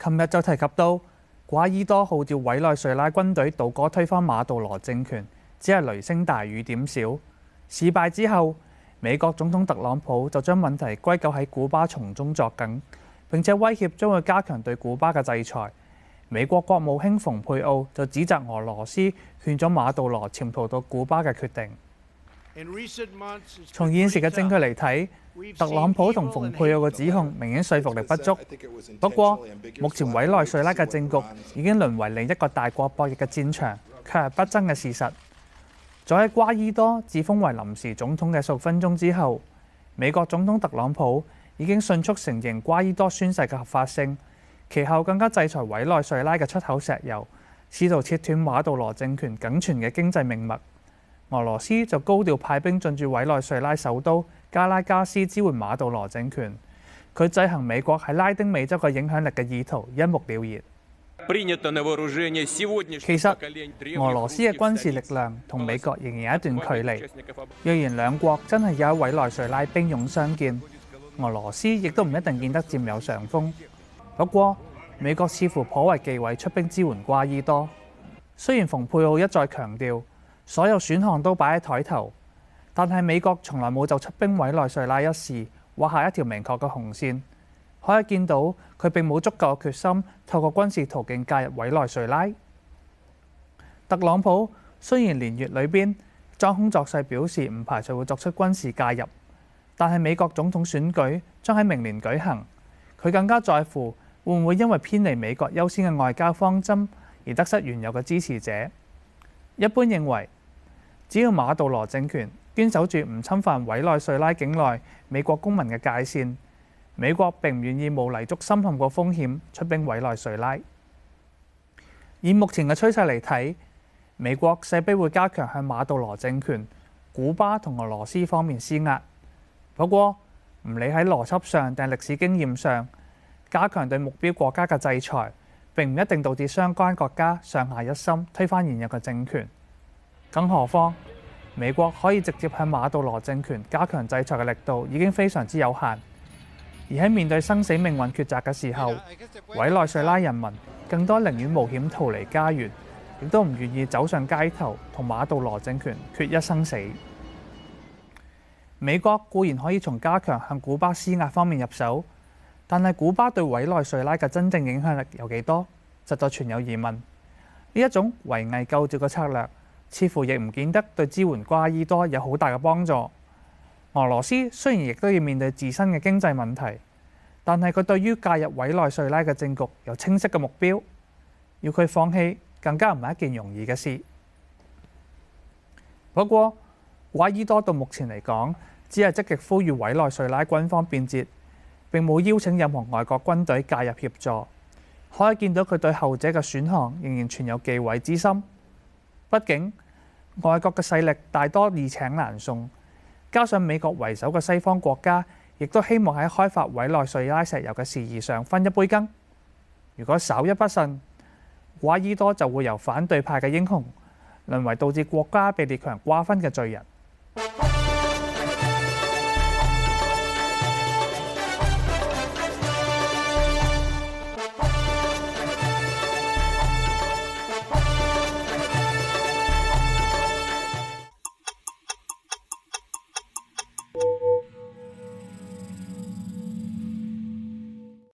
琴日就提及到，瓜伊多號召委內瑞拉軍隊倒戈推翻馬杜羅政權，只係雷聲大雨點小。事敗之後，美國總統特朗普就將問題歸咎喺古巴從中作梗，並且威脅將會加強對古巴嘅制裁。美國國務卿蓬佩奧就指責俄羅斯勸咗馬杜羅潛逃到古巴嘅決定。從現時嘅證據嚟睇，特朗普同蓬佩奧嘅指控明顯說服力不足。不過但，目前委內瑞拉嘅政局已經淪為另一個大國博弈嘅戰場，卻係不爭嘅事實。早喺瓜伊多自封為臨時總統嘅數分鐘之後，美國總統特朗普已經迅速承認瓜伊多宣誓嘅合法性，其後更加制裁委內瑞拉嘅出口石油，試圖切斷馬杜羅政權僅存嘅經濟命脈。俄羅斯就高調派兵進駐委內瑞拉首都加拉加斯，支援馬杜羅政權。佢制衡美國喺拉丁美洲嘅影響力嘅意圖一目了然。其實，俄羅斯嘅軍事力量同美國仍然有一段距離。若然兩國真係有喺委內瑞拉兵勇相見，俄羅斯亦都唔一定見得佔有上風。不過，美國似乎頗為忌諱出兵支援瓜伊多。雖然蓬佩奧一再強調，所有選項都擺喺枱頭，但係美國從來冇就出兵委內瑞拉一事畫下一條明確嘅紅線。可以見到，佢並冇足夠嘅決心透過軍事途徑介入委內瑞拉。特朗普雖然年月裏邊裝腔作勢表示唔排除會作出軍事介入，但係美國總統選舉將喺明年舉行，佢更加在乎會唔會因為偏離美國優先嘅外交方針而得失原有嘅支持者。一般認為。只要馬杜羅政權堅守住唔侵犯委內瑞拉境內美國公民嘅界線，美國並唔願意冒泥足深陷嘅風險出兵委內瑞拉。以目前嘅趨勢嚟睇，美國勢必會加強向馬杜羅政權、古巴同俄羅斯方面施壓。不過，唔理喺邏輯上定歷史經驗上，加強對目標國家嘅制裁，並唔一定導致相關國家上下一心推翻現有嘅政權。更何況，美國可以直接向馬杜羅政權加強制裁嘅力度，已經非常之有限。而喺面對生死命運抉擇嘅時候，委內瑞拉人民更多寧願冒險逃離家園，亦都唔願意走上街頭同馬杜羅政權決一生死。美國固然可以從加強向古巴施壓方面入手，但係古巴對委內瑞拉嘅真正影響力有幾多，實在存有疑問。呢一種圍魏救趙嘅策略，似乎亦唔見得對支援瓜伊多有好大嘅幫助。俄羅斯雖然亦都要面對自身嘅經濟問題，但係佢對於介入委內瑞拉嘅政局有清晰嘅目標，要佢放棄更加唔係一件容易嘅事。不過，瓜伊多到目前嚟講，只係積極呼籲委內瑞拉軍方變節，並冇邀請任何外國軍隊介入協助。可以見到佢對後者嘅選項仍然存有忌諱之心。畢竟，外國嘅勢力大多易請難送，加上美國為首嘅西方國家亦都希望喺開發委內瑞拉石油嘅事宜上分一杯羹。如果稍一不慎，瓜伊多就會由反對派嘅英雄，淪為導致國家被列強瓜分嘅罪人。